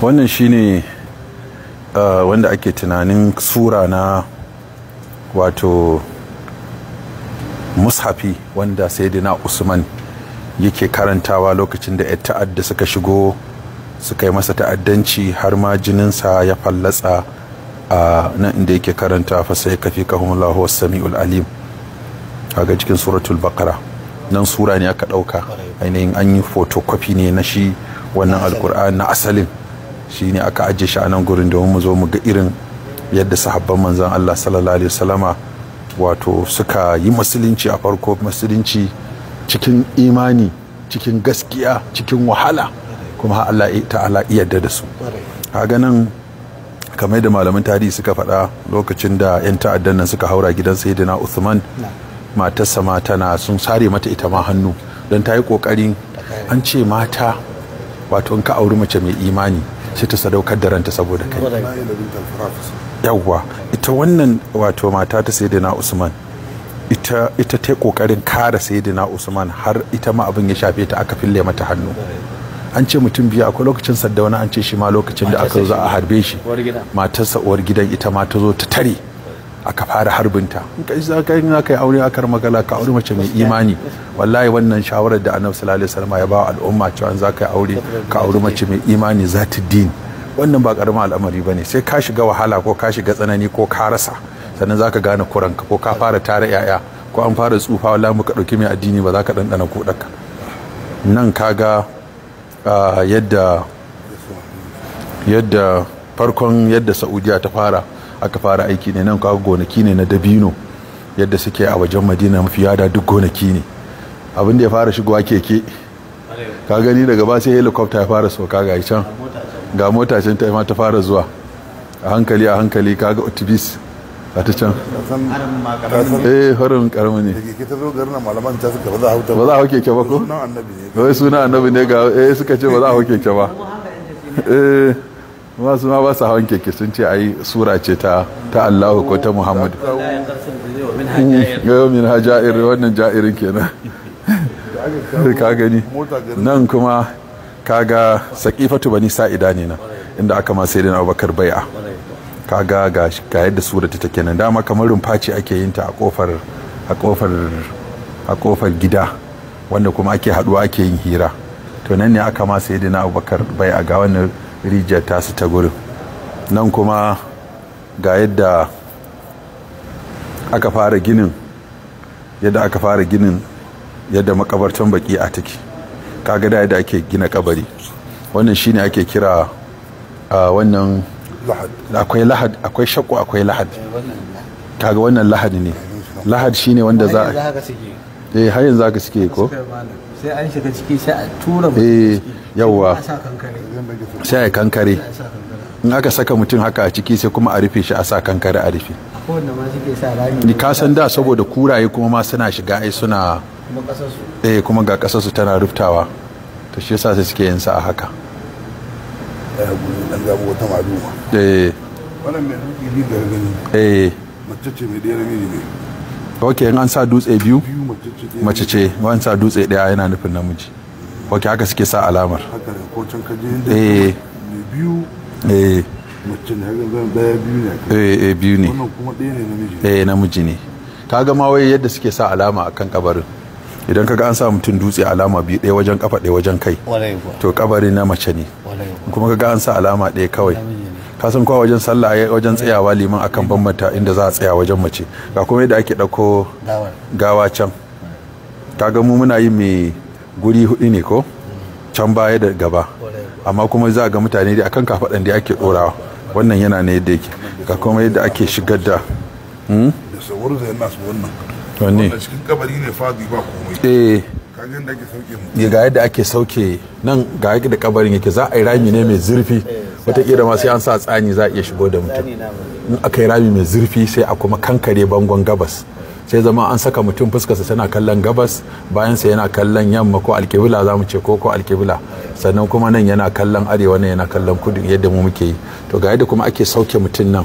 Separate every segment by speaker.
Speaker 1: wannan shine uh, wanda ake tunanin sura na wato mushafi wanda sai saidina usman yake karantawa lokacin da 'yan ta'adda suka shigo suka yi masa ta'addanci har ma jininsa ya fallatsa a nan inda yake karanta fa sai kafi kahumullahu was-sami'ul alim ga cikin suratul bakara nan sura ne aka ɗauka ainihin an yi fotokwafi ne na shi wannan alkur'an na asalin shine aka ajiye shi a nan gurin domin mu zo mu ga irin yadda sahabban manzon Allah sallallahu alaihi wasallama wato suka yi musulunci a farko musulunci cikin imani cikin gaskiya cikin wahala kuma Allah ta'ala yarda da su kaga nan kamar da malaman tarihi suka faɗa lokacin da 'yan ta'addan nan suka haura gidan sayyidina Uthman matarsa mata na sun sare mata ita ma hannu don ta yi ƙoƙarin an ce mata wato in ka auri mace mai imani sai ta sadaukar da ranta saboda kai yawwa ita wannan wato mata ta na usman ita ita ta kokarin kare na usman har ita ma abin ya shafe ta aka fille mata hannu an ce mutum biyu akwai lokacin wani an ce shi ma lokacin da aka zo a harbe shi matarsa uwar gidan ita ma ta zo ta tare aka fara harbinta in ka za ka yi aka yi aure aka magala ka aure mace mai imani wallahi wannan shawarar da annabi sallallahu alaihi wasallam ya ba al'umma cewa za ka yi aure ka aure mace mai imani za ta din wannan ba karamin al'amari bane sai ka shiga wahala ko ka shiga tsanani ko ka rasa sannan za ka gane ka ko ka fara tara yaya ko an fara tsufa wallahi muka dauki mai addini ba za ka dandana ko daka nan kaga yadda yadda farkon yadda saudiya ta fara aka fara aiki ne nan kawo gonaki ne na dabino yadda suke a wajen madina mafi yada duk gonaki ne abinda ya fara shigowa keke ka gani daga ba sai helicopter ya fara sauka ga can ga mota can ta ma ta fara zuwa a hankali a hankali ka ga otibis a ta can eh harin karamin ne ba za a hau keke ba ko wai suna annabi ne ga eh suka ce ba za a hau keke ba eh masu ma ba su hawan keke sun ce ayi sura ce ta ta Allahu ko ta Muhammad yau min ha wannan ja'irin kenan ka gani nan kuma kaga saqifatu bani sa'ida ne na inda aka ma Abubakar bai'a kaga ga ga yadda sura ta take nan dama kamar rumfa ce ake yin ta a kofar a kofar a kofar gida wanda kuma ake haduwa ake yin hira to nan ne aka ma Abubakar bai'a ga wannan rijiyar tasu ta gurin nan kuma ga yadda aka fara ginin yadda aka fara ginin yadda makabartan baki a take kaga da yadda ake gina kabari wannan shine ake kira a wannan akwai lahad akwai shakku akwai lahad kaga eh, wannan lahad ne lahad shine wanda za a eh har yanzu haka suke ko sai an shiga ciki sai a tura mutum eh, ciki yawwa sai a kankare in aka saka mutum haka a ciki sai kuma a rufe shi a sa kankare a rufe ni ka san da saboda kuraye kuma ma suna shiga ai suna eh kuma ga kasar su tana ruftawa to shi yasa sai suke yin sa a haka eh, eh. wannan mai rufi da gani eh mace ce mai da ne ok in an sa dutse biyu mace ce an sa dutse daya yana nufin namiji ok haka suke sa alamar eh. Eh. Eh, eh biyu ne eh namiji ne kaga ma wai yadda suke sa alama a kan kabarin idan kaga an sa mutum dutse alama biyu ɗaya wajen kafa ɗaya wajen kai to kabari na mace ne kuma kaga an sa alama ɗaya kawai kasan san kowa wajen sallah wajen tsayawa liman akan bambanta inda za a tsaya wajen mace ga kuma yadda ake dauko gawa can ga mu muna yi mai guri hudu ne ko can baya da gaba amma kuma za ga mutane da akan kafaɗan da ake ɗorawa wannan yana ne yadda yake ga kuma yadda ake shigar da hmm? da sauwar da yana su wannan cikin kabari ne fadi ba komai eh ga yadda ake sauke nan ga yadda kabarin yake za a yi rami ne mai zurfi eh, wataƙila ma sai an sa tsani za a iya shigo da mutum in aka yi rami mai zurfi sai a kuma kankare bangon gabas sai zama an saka mutum fuskarsa tana kallon gabas bayan bayansa yana kallon yamma ko alkibila za mu ce ko ko alkibila sannan kuma nan yana kallon arewa nan yana kallon kudu yadda mu muke yi to ga yadda kuma ake sauke mutum nan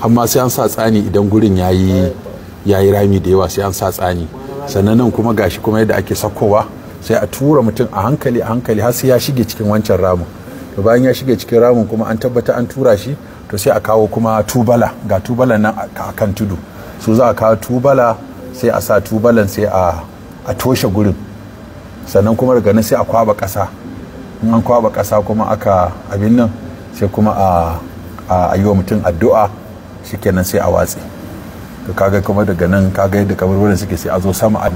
Speaker 1: amma sai an sa tsani idan gurin yayi yayi rami da yawa sai an sa tsani sannan nan kuma gashi kuma yadda ake sakowa sai a tura mutum a hankali a hankali har sai ya shige cikin wancan ramin to bayan ya shige cikin ramin kuma an tabbata an tura shi to sai a kawo kuma tubala ga tubalan nan a kan tudu su za a kawo tubala sai a sa tubalan sai a toshe gurin sannan kuma daga nan sai a kwaba kasa in an kwaba kasa kuma aka abin nan sai kuma a yi wa mutum addu'a shikenan sai a watsi ka kaga kuma daga nan kaga yadda kaburburan suke sai a zo sama a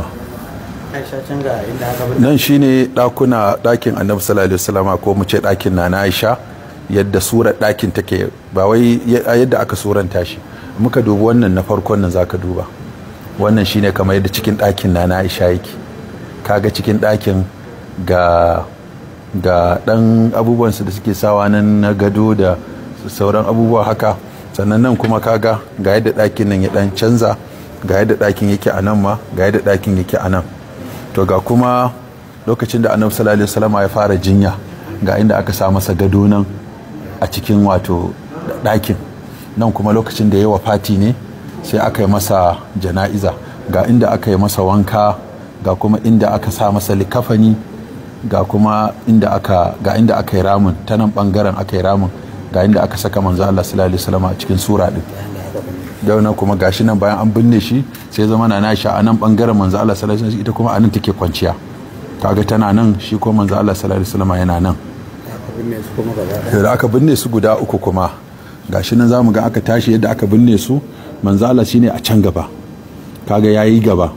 Speaker 1: nan shine dakuna dakin annabi sallallahu alaihi ko mu ce dakin na aisha yadda surar dakin take ba wai yadda aka suranta shi muka dubi wannan na farkon nan zaka duba wannan shi ne kamar yadda cikin dakin na aisha yake kaga cikin ɗakin ga ga dan abubuwan da suke sawa nan na gado da sauran abubuwa haka sannan nan kuma kaga ga yadda ɗakin nan ya ɗan canza ga yadda ɗakin yake a nan ma ga yadda ɗakin yake a nan to ga kuma lokacin da annabi sallallahu alaihi wasallam ya fara jinya ga inda aka sa masa gado nan a cikin wato ɗakin nan kuma lokacin da ya yi wafati ne sai aka yi masa jana'iza ga inda aka yi masa wanka ga kuma inda aka sa masa likafani ga kuma inda aka ga inda aka yi ramin ta nan bangaren aka yi ramin ga inda aka saka manzo Allah sallallahu alaihi wasallam a cikin sura din dauna kuma gashi nan bayan an binne shi sai zama na nashi a nan bangaren manzo Allah sallallahu alaihi wasallam ita kuma a nan take kwanciya kaga tana nan shi ko manzo Allah sallallahu alaihi wasallam yana nan da aka binne su guda uku kuma gashi nan zamu ga aka tashi yadda aka binne su manzo Allah shine a can gaba kaga yayi gaba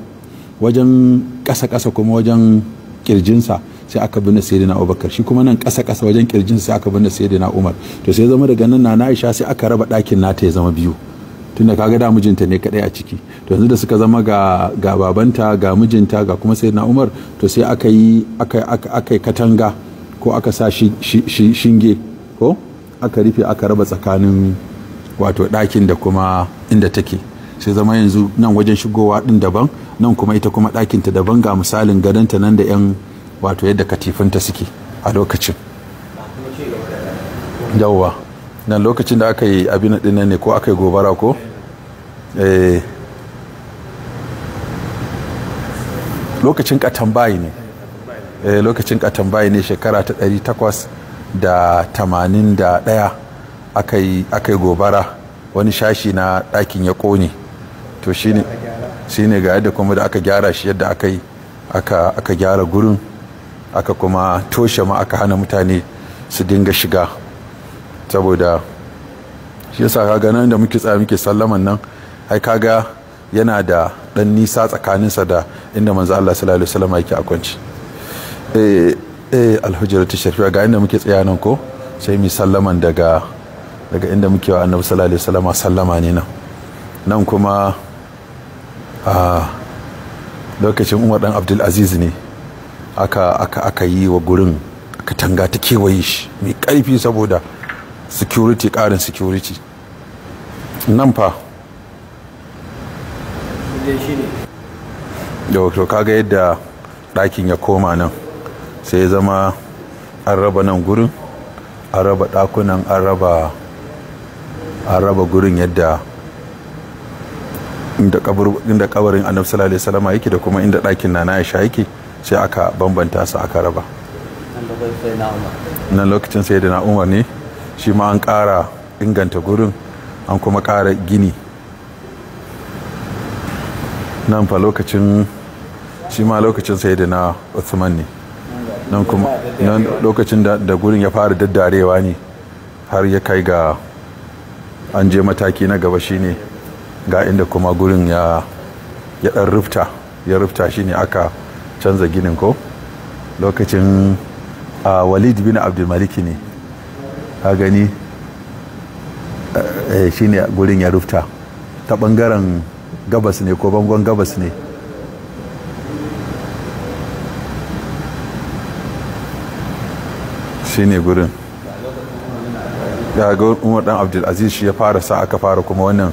Speaker 1: wajen kasa kasa kuma wajen kirjinsa sai aka binne sayyidina Abubakar shi kuma nan ƙasa ƙasa wajen kirjin sai aka binne sayyidina Umar to sai zama daga nan na Aisha sai aka raba ɗakin nata ya zama biyu tunda kaga da mijinta ne kadai a ciki to yanzu da suka zama ga ga babanta ga mijinta ga kuma sayyidina Umar to sai aka yi aka aka katanga ko aka sa shinge ko aka rufe aka raba tsakanin wato ɗakin da kuma inda take sai zama yanzu nan wajen shigowa ɗin daban nan kuma ita kuma ɗakinta daban ga misalin gadonta nan da 'yan wato yadda katifinta suke a lokacin yawwa nan lokacin da aka yi abin ɗin ne ko aka yi gobara ko eh. lokacin katambayi ne eh, lokacin katambayi ne shekara ta 881 aka yi gobara wani shashi na ɗakin ya ƙone to shine ga yadda kuma da aka gyara shi yadda aka yi aka gyara gurin aka kuma toshe ma aka hana mutane su dinga shiga saboda shi yasa kaga nan da muke tsaya muke sallaman nan ai kaga yana da dan nisa tsakaninsa da inda manzo Allah sallallahu alaihi wasallam yake akwanci eh eh alhujratu sharifa ga inda muke tsaya nan ko sai mu sallaman daga daga inda muke wa annabi sallallahu alaihi wasallam sallama ne nan nan kuma a ah, lokacin Umar dan Abdul Aziz ne aka aka aka yi wa gurin katanga ta kewaye shi mai karfi saboda security karin security nan fa da to kaga yadda ɗakin ya koma nan sai ya zama an raba nan gurin an raba ɗakunan an raba an raba gurin yadda inda kabarin annabi sallallahu alaihi wasallam yake da kuma inda ɗakin nana aisha yake sai aka bambanta su aka raba nan lokacin sai da umar ne shi ma an ƙara inganta gurin an kuma ƙara gini nan fa lokacin shi ma lokacin sai da na Usman ne nan kuma nan lokacin da gurin ya fara daddarewa ne har ya kai ga an je mataki na gaba shine ga inda kuma gurin ya ya dan rufta ya rufta shine aka canza ginin ko lokacin a walid bin abdulmaliki ne a gani eh, eh, shi ne gurin ya rufta ta bangaren gabas ne ko bangon gabas ne shi ne gurin ga umar dan abdulaziz shi ya fara sa aka fara kuma wannan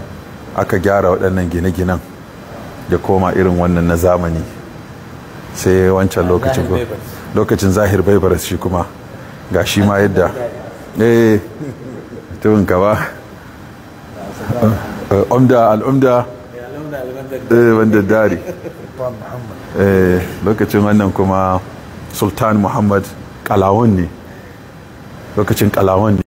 Speaker 1: aka gyara waɗannan gine-ginen ya koma irin wannan na zamani sai wancan lokacin lokacin zahir baibaras shi kuma ga shi ma yadda eh tun gaba umda eh wanda eh, dari eh, lokacin wannan kuma sultan muhammad kalawun ne lokacin kalawun ne